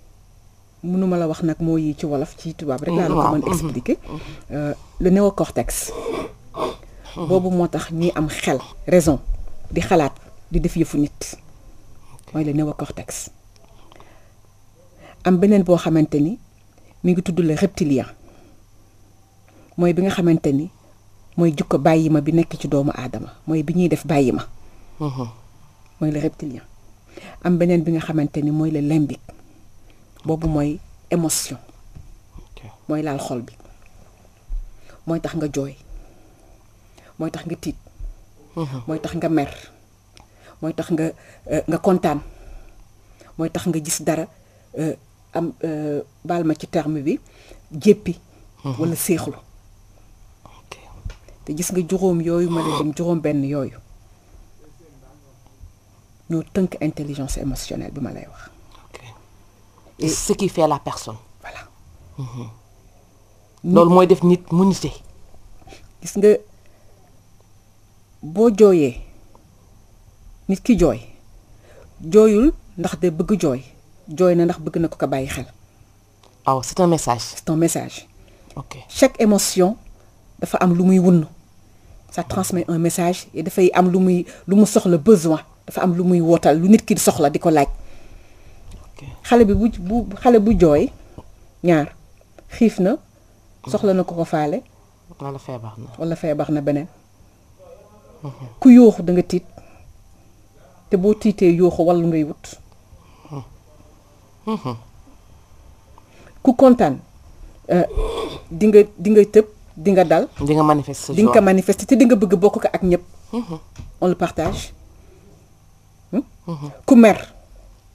mënuma la wax nak moy ci wolof ci tubaab rek laa la ko mën mhm. expliquer mhm. Euh, le néocortex mhm. bobu motax ñi am xel raison di xalaat di def yefu nit moy le néocortex am benen bo xamanteni mi ngi tudd le reptilien moy bi nga xamanteni moy mooy jukko bàyyi bi nekk ci doomu adama moy bi ñuy def bàyyi ma mooy le reptilien am benen bi nga xamanteni moy le limbique boobu mooy émotion mooy laal xol bi mooy tax nga jooy mooy tax nga tiit mhm. mooy tax nga mer mooy tax nga euh, nga kontaan mooy tax nga gis dara euh, am euh, baal ma ci terme bi jéppi mhm. wala séexlu te gis nga juróom yooyu ma la dem juróom benn yooyu ñoo tënk intelligence émotionnelle bi ma lay wax et ce qui fait la personne. voilà. Mhm. Lol moy def nit mu nite. gis nga bo joyé nit ki jooy ndax de bëgg joyeux Joy na ndax bëgg na ko ka bàyyi xel. c'est un message. c'est un message. ok chaque émotion dafa am lu muy wunn ça transmet un message et dafay am lu muy lu mu soxla besoin dafa am lu muy wotal lu nit ki soxla diko xale bi bu bu xale bu joy ñaar xiif na soxla na ko ko faale wala feebar na wala feebar na beneen mhm. ku yooxu da nga tit te bo tité yooxu walu ngay wut mhm. Mhm. ku euh di nga di nga tepp di nga dal di nga manifester di nga manifester te di nga bëgg bokk ak ñëpp on le partage hmm? ku mer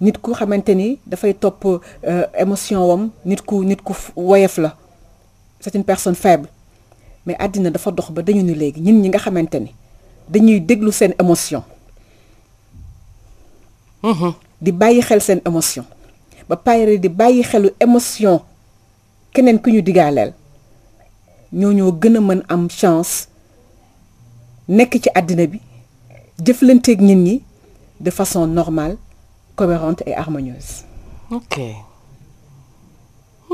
nit ku xamanteni da nous top euh, émotion wam nit ku nit ku la c'est une personne faible mais Adina, dafa dox ba dañu ni légui ñi nga xamanteni dañuy déglu émotion mm-hmm. di bayyi xel sen émotion ba di bayyi xelu émotion keneen ku ñu digalel ñoño gëna am chance nekk ci Adina. bi ñi de façon normale cohérente et harmonieuse. ok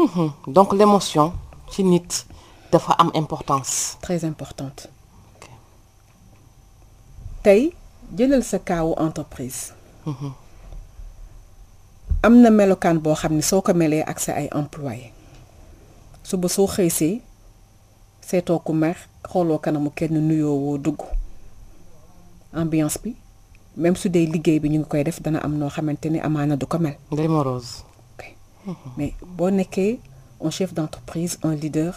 mhm. donc l'émotion c'est nit dafa am importance. très importante. tey d'une sa entreprise. Mhm. am na melokaan boo xam ne soo ko melee ak sa ay employé suba soo xëysee seetoo ku mer xooloo kanamu kenn nuyoo woo ambiance bi même si on liggéey bi ñu ngi koy def dana mhm. mais un chef d'entreprise un leader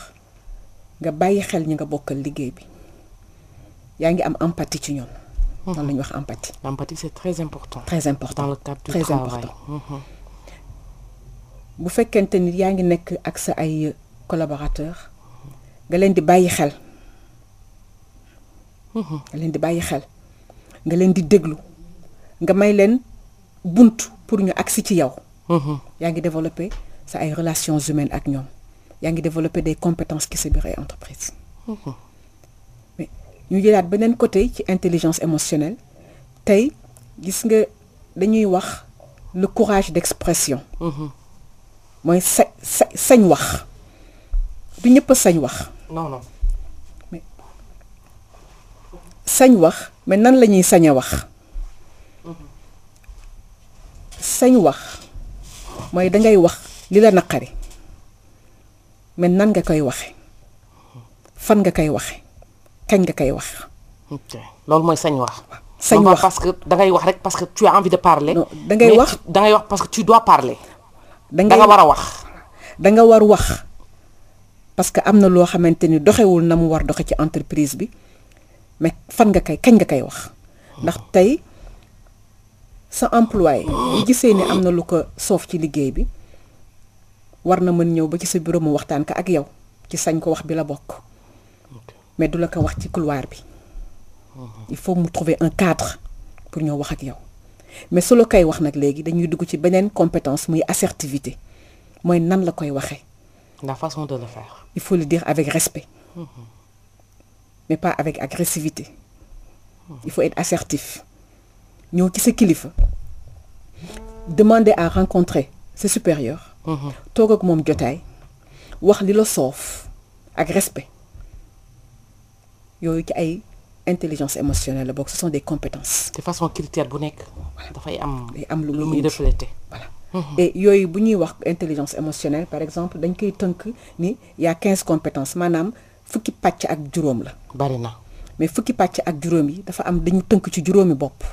nga bàyyi xel ñi nga am mhm. empathie l'empathie c'est très important. très important le cadre du très important. Mhm. bu fekkente ni yaa ngi nekk collaborateurs nga di xel nga may leen bunt pour ñu agsi ci yow mm-hmm. yaa ngi développer sa ay relations humaines ak ñoom yaa ngi développer des compétences qui sa biir entreprise mm-hmm. mais ñu jëlaat beneen côté ci intelligence émotionnelle tey gis nga dañuy wax le courage d'expression mm-hmm. mooy sa sa sañ wax du ñëpp sañ wax non non mais sañ wax mais nan la ñuy sañ a wax sañ wax mooy dangay wax li la naqari mais nan nga koy waxe fan nga koy waxe kañ nga koy wax. ok loolu mooy sañ wax. sañ wax parce que dangay wax rek parce que tu as envie de parler. non dangay wax dangay wax parce que tu dois parler. dangay nga war a wax. nga war wax parce que am na loo xamante ni doxewul na mu war doxe ci entreprise bi mais fan nga koy kañ nga koy wax ndax tey sa employé bu gisee ne am na lu ko soof ci liggéey bi warna na mën ñëw ba ci sa bureau mu waxtaan ka ak yow ci sañ ko wax bi la bokk mais du la ko wax ci couloir bi mhm. il faut mu trouver un cadre pour ñoo wax ak yow mais solo kay wax nak léegi dañuy dugg ci benen compétence muy assertivité moy nan la koy waxé la façon de le faire. il faut le dire avec respect mhm. mais pas avec agressivité mhm. il faut être assertif ñëw ci sa kilifa demander à rencontrer ses supérieurs. Mm-hmm. toog ak moom jotaay wax li la soof ak respect yooyu ci ay intelligence émotionnelle la bokk ce sont des compétences. de façon critère bu nekk. dafay am day am lu muy reflété voilà. Mm-hmm. et yooyu bu ñuy wax intelligence émotionnelle par exemple dañ koy tënk ni y a 15 compétences maanaam fukki pàcc ak juróom la. bari na mais fukki pàcc ak juróom yi dafa am dañu tënk ci juróomi bopp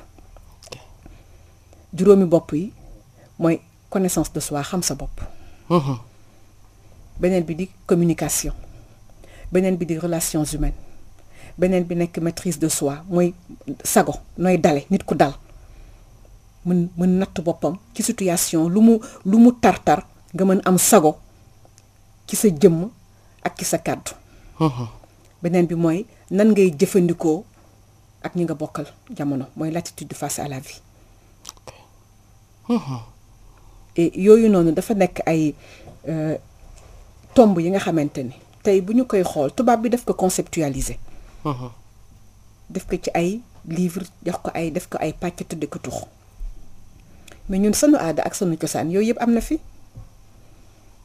juróomi bopp yi connaissance de soi xam sa bopp uh-huh. benen bi di communication benen bi di relations humaines benen bi nek maîtrise de soi moy sago noy dalé nit ku dal mën mën natt boppam ci situation lu mu lu nga mën am sago ci sa jëm ak ci sa kàddu uh-huh. benen bi moy nan ngay jëfëndiko ak ñi nga bokkal jamono moy l'attitude face à la vie et eh, yoyu nonu dafa nek ay euh, tombe yi nga xamanteni tay buñu koy xol tubaab bi daf ko conceptualiser uh-huh. def ko ci ay livre jox ko ay def ko ay pàcc de ko tux mais ñun sunu aada ak sunu cosaan yooyu yeb amna fi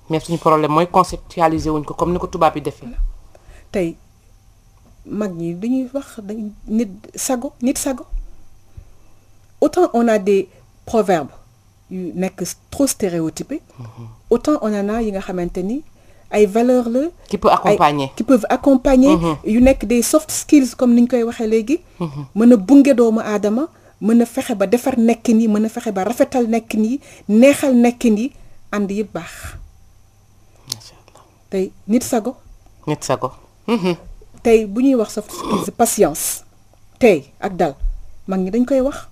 mais suñu problème moy conceptualiser wuñ ko comme ni ko tubaab yi defee tey mag ñi dañuy wax dañ nit sago nit sago autant on a des proverbes yu nekk trop stéréotypé autant on en a yi nga xamanteni ay valeur le qui peut accompagner qui peuvent accompagner mhm. yu nekk des soft skills comme niñ ñu koy waxee léegi mhm. mën a bunge doomu aadama mën a ba defar nek ni mën fexé ba rafétal nek ni neexal nekkin yi ànd yëpp baax tay nit sago nit sago mhm. tey tay buñuy wax soft skills patience tay ak dal mag ni dañ koy wax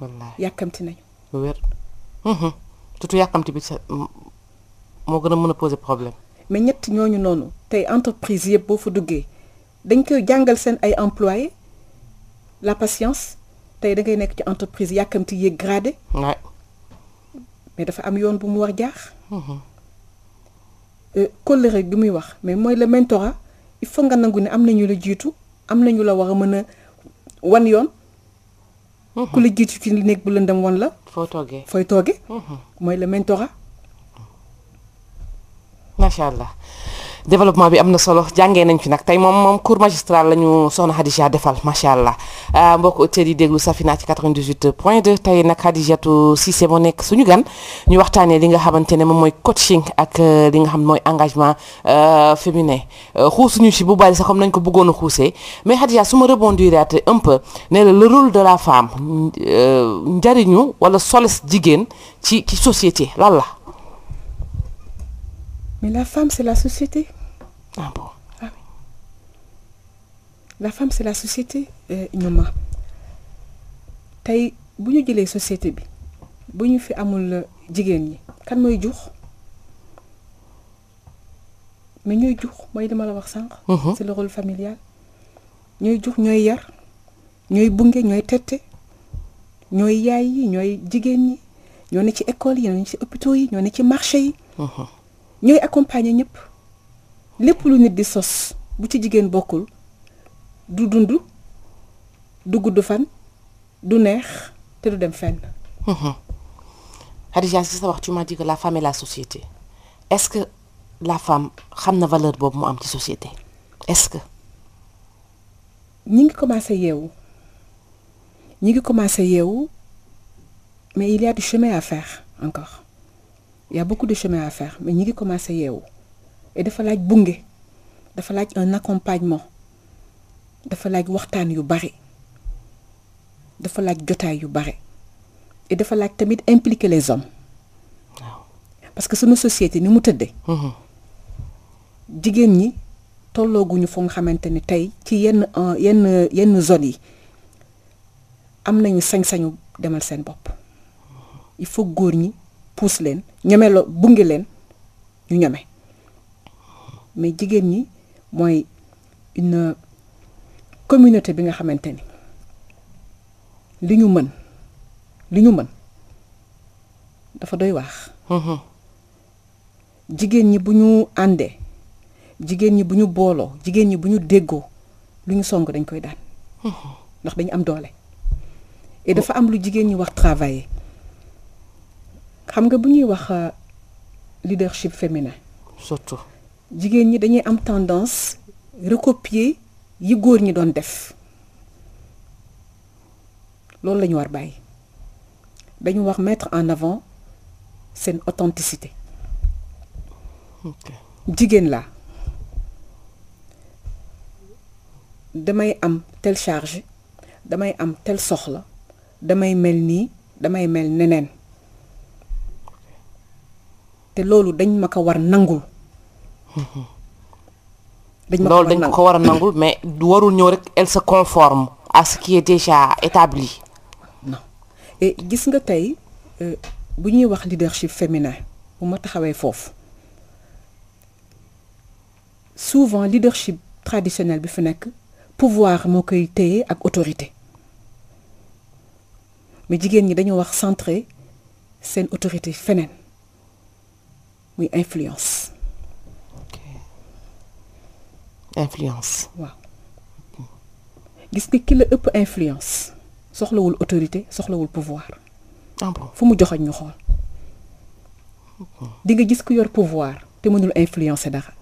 wallaay yàkkamti nañu. bu wér. Mhm. surtout yàkkamti bi sa moo gën a mën a poser problème. mais ñett ñooñu noonu tey entreprise yëpp boo fa duggee dañ koy jàngal seen ay employé la patience tey da ngay nekk ci entreprise yàkkamti yéeg gradé. waay mais dafa am yoon bu mu war jaax. Mhm. Euh, kóllëre gi muy wax mais mooy le mentorat il faut nga nangu ne am nañu la jiitu am nañu la war a mën a wan yoon. ku la jiitu ci néeg bu lëndam woon la. foo toogee fooy toogee. mooy le mentorat. macha allah. développement bi amna solo jangé nañ fi nak tay mom mom cours magistral lañu ñu soxna Khadija defal machallah euh mbokk auditeurs yi déglu Safina ci 98.2 tay nak tey nag Khadijatou Cissé moo nekk suñu gan ñu waxtané li nga xamante ne moom coaching ak euh, li nga xam moy engagement euh, féminin euh, xuusuñu si bu bari sax comme nañ ko bëggono xoussé mais hadija suma ma un peu né le rôle de la femme ndariñu wala soles jigen ci ci société lan la mais la femme c'est la société ah la femme c'est la société Si euh, Taï, société bi nous amul euh, mais la mhm. c'est le rôle familial. nous jux ñooy yar nous bunge ñooy tette sont yaay yi ñooy sont ñi ñoo ne ci école yi hôpitaux yi sont ci marché yi. Mhm. accompagner lepp lu nit di sos bu ci jigéen bokkul du dund du gudd fan du neex te du dem fenn. Mhm. Khadija si sa wax tu m'as dit que la femme est la société est-ce que la femme xam na valeur boobu mu am ci société est-ce que. ñi ngi commencé yeewu ñi ngi commencé yeewu mais il y a du chemin à faire encore il y a beaucoup de chemin à faire mais ñi ngi commencé yeewu et dafa laaj bunge dafa laaj un accompagnement dafa laaj waxtaan yu bare dafa laaj jotaay yu bare et dafa laaj tamit impliquer les hommes parce que sunu société ni mu tëddee. Mhm. jigéen ñi tollooguñu fu nga xamante ni tey ci yenn euh, yenn yenn zones yi am nañu sañ-sañu demal seen bopp il faut góor ñi pousse leen ñeme lo bunge leen ñu ñeme. mais jigéen ñi mooy une communauté bi nga xamante ni li ñu mën li ñu mën dafa doy waax mm-hmm. jigéen ñi bu ñu àndee jigéen ñi bu ñu booloo jigéen ñi bu ñu déggoo lu ñu song dañ koy daan mm-hmm. ndax dañu am doole dafa am lu jigéen ñi wax travailler xam nga bu ñuy wax euh, leadership féminin surtout jigéen ñi dañuy am tendance recopier yi góor ñi doon def loolu la ñu war bàyyi dañu wax mettre en avant seen authenticité jigéen laa damay am tel charge damay am tel soxla damay mel nii damay mel neneen te loolu dañ ma ko war nangul loolu dañ ko war a nangul mais warul ñëw rek elle se conforme à ce qui est déjà établi. non et gis nga tey euh, bu ñuy wax leadership féminin bu ma taxawee foofu souvent leadership traditionnel bi fi pouvoir moo koy ak autorité mais jigéen ñi dañu wax centré sen autorité feneen muy influence. influence waaw gis nga ki la ëpp influence soxlawul autorité soxlawul pouvoir ah fu mu joxoñ ñu xool di nga gis ku yor pouvoir te mënul influencer dara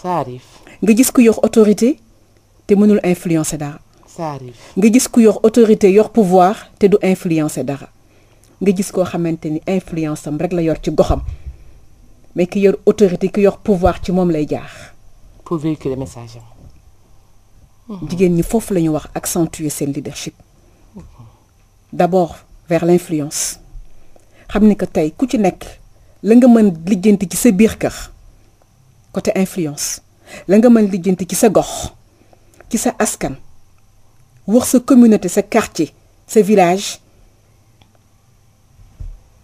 ça arrive nga gis ku yor autorité te mënul influencer dara ça arrive nga gis ku yor autorité yor pouvoir te du influencer dara nga gis koo xamante ni influence am rek la yor ci goxam mais ki yor autorité ki yor pouvoir ci moom lay jaax pour que les messages mhm. jigéen il faut la wax accentuer ses leadership d'abord vers l'influence xam ni que tey ku ci qui la nga côté influence la nga mën qui ci sa qui ci sa askan wax sa communauté sa quartier ces villages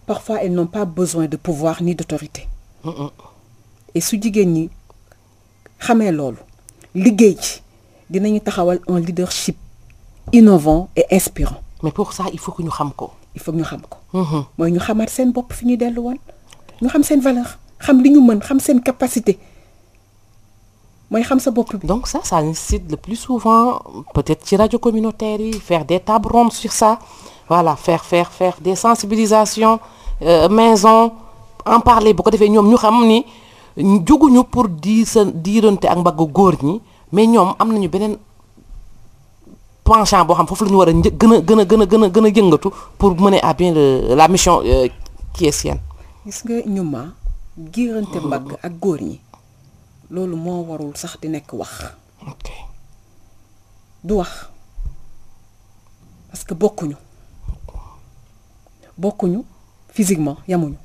parfois elles n'ont pas besoin de pouvoir ni d'autorité et su jigéen xamé lolou liggéey ci dinañu taxawal un leadership innovant et inspirant. mais pour ça il faut que ñu xam ko. il faut ñu xam ko. moy mm-hmm. ñu xamaat seen bop fi ñu ñu xam valeur xam li ñu mën xam capacité moy xam sa bop donc ça ça incite le plus souvent peut-être ci radios communautaire faire des tables rondes sur ça voilà faire faire faire des sensibilisations euh, maison en parler beaucoup de defee ñom ñu xam ni. jóguñu pour di sa diirante ak mbagg góor ñi mais ñoom am nañu beneen penchant boo xam foofu lañu ñu war a një gën a gën a gën a gën a gën a yëngatu pour mener à bien la mission euh, qui est sienne. gis nga ñu ma giirante ak góor ñi loolu moo warul sax di nekk wax. ok du wax parce que bokkuñu bokkuñu physiquement yamuñu.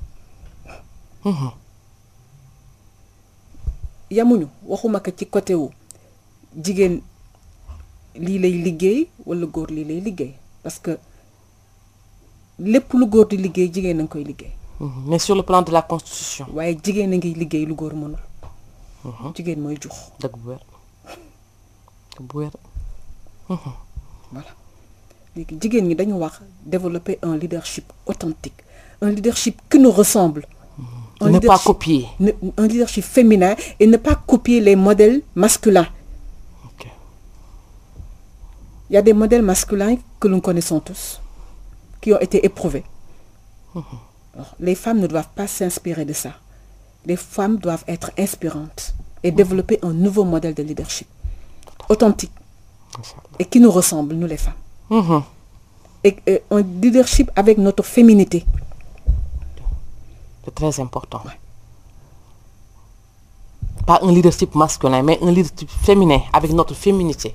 Mm-hmm. yamuñu waxuma ko ci côté wu jigéen lii lay liggéey wala góor lay parce que lépp lu góor di liggéey jigéen na mhm. mais sur le plan de la constitution. waaye jigéen a ngi liggéey lu góor mënul. Mhm. jigéen mooy jux. dëgg bu bu mhm. voilà léegi jigéen ñi dañu wax développer un leadership authentique un leadership qui nous ressemble ne pas copier. un leadership féminin et ne pas copier les modèles masculins. Il y a des modèles masculins que nous connaissons tous, qui ont été éprouvés. Mm-hmm. les femmes ne doivent pas s'inspirer de ça. Les femmes doivent être inspirantes et développer un nouveau modèle de leadership authentique et qui nous ressemble, nous les femmes. Mm-hmm. et euh, un leadership avec notre féminité. C'est très important. Ouais. Pas un leadership masculin, mais un leadership féminin, avec notre féminité.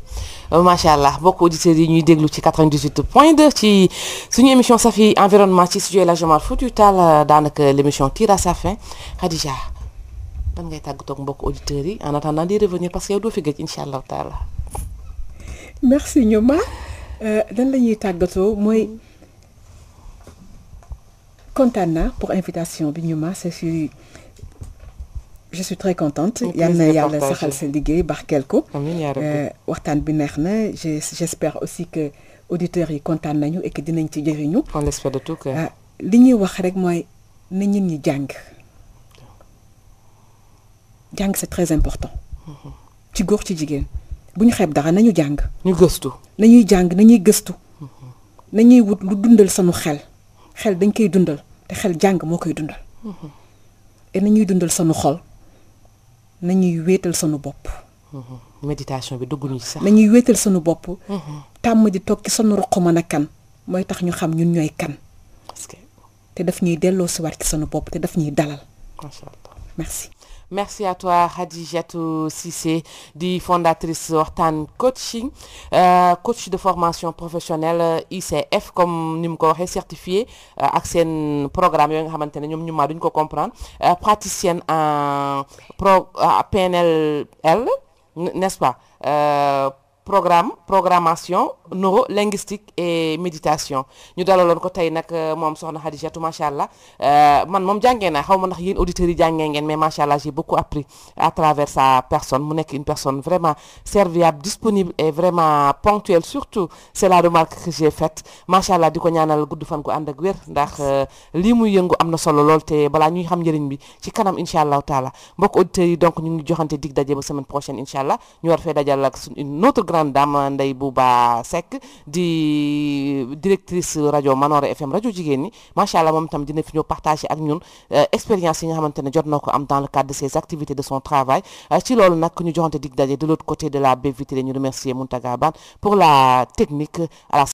Euh, Machallah, beaucoup d'auditeurs nous déglou 98.2 ci une émission Safi environnement ci sujet la foutu tal danaka l'émission tire à sa fin. Khadija, dan ngay tagatoo ak beaucoup auditeurs en attendant de revenir parce qu'il doit doo fi gëj incha allahu taala. merci Ñoma. dan euh, la ñuy tàggatoo mooy kontaan pour invitation bi ma c'est fii je suis très contente yal na yàlla saxal sa liggéey barkeel ko waxtaan bi neex j'espère aussi que auditeurs yi kontaan nañu et que dinañ ci jëriñu on l'espère de tout que ah, li ñuy wax rek mooy na ñit ñi jàng jàng c'est très important mm-hmm. ci góor ci jigéen bu ñu xeeb dara nañu jàng ñu gëstu nañuy jàng nañuy gëstu mm-hmm. nañuy wut lu dundal sanu xel xel dañ koy dundal te xel jàng moo koy dundal. na ñuy dundal sunu xol nañuy wéetal sunu bopp. méditation bi dugg ñu ci sax. wéetal sunu bopp. Mhm. tàmm di toog ci sunu roq mën a kan mooy tax ñu xam ñun ñooy kan. te daf ñuy delloo si waat ci sunu bopp te daf ñuy dalal. merci à toi Hadijatou Sissé fondatrice Ortan coaching euh, coach de formation professionnelle ICF comme nous avons certifié euh, ak programme nous nga compris, euh, praticienne en PNL n'est-ce pas programme programmation linguistique et méditation ñu dalalon ko tay nak euh, mom soxna Khadijatou machallah euh man mom jangé n'a xawma ma ndax yéen auditeurs yi jàngee ngeen mais machallah j'ai beaucoup appris à travers sa personne mu nek une personne vraiment serviable disponible et vraiment ponctuelle surtout c'est la remarque que j'ai faite machallah diko ñaanal gudd fan ko and ak wér ndax euh, li muy yëngu amna solo lol té bala ñuy xam jëriñ bi ci kanam inshallah taala beaucoup auditeurs yi donc ñu ngi joxante dig dajé ba semaine prochaine inshallah ñu war dajal ak une autre grande dame Ndeye Bouba directrice radio Manor FM radio jigéen ma macha allah moom itam partager ak ñun euh, expérience yi nga dans le cadre de ses activités de son travail euh, ci lolu nak ñu joxante dig de l'autre côté de la baie vitrée ñu remercier Muntaga pour la technique à la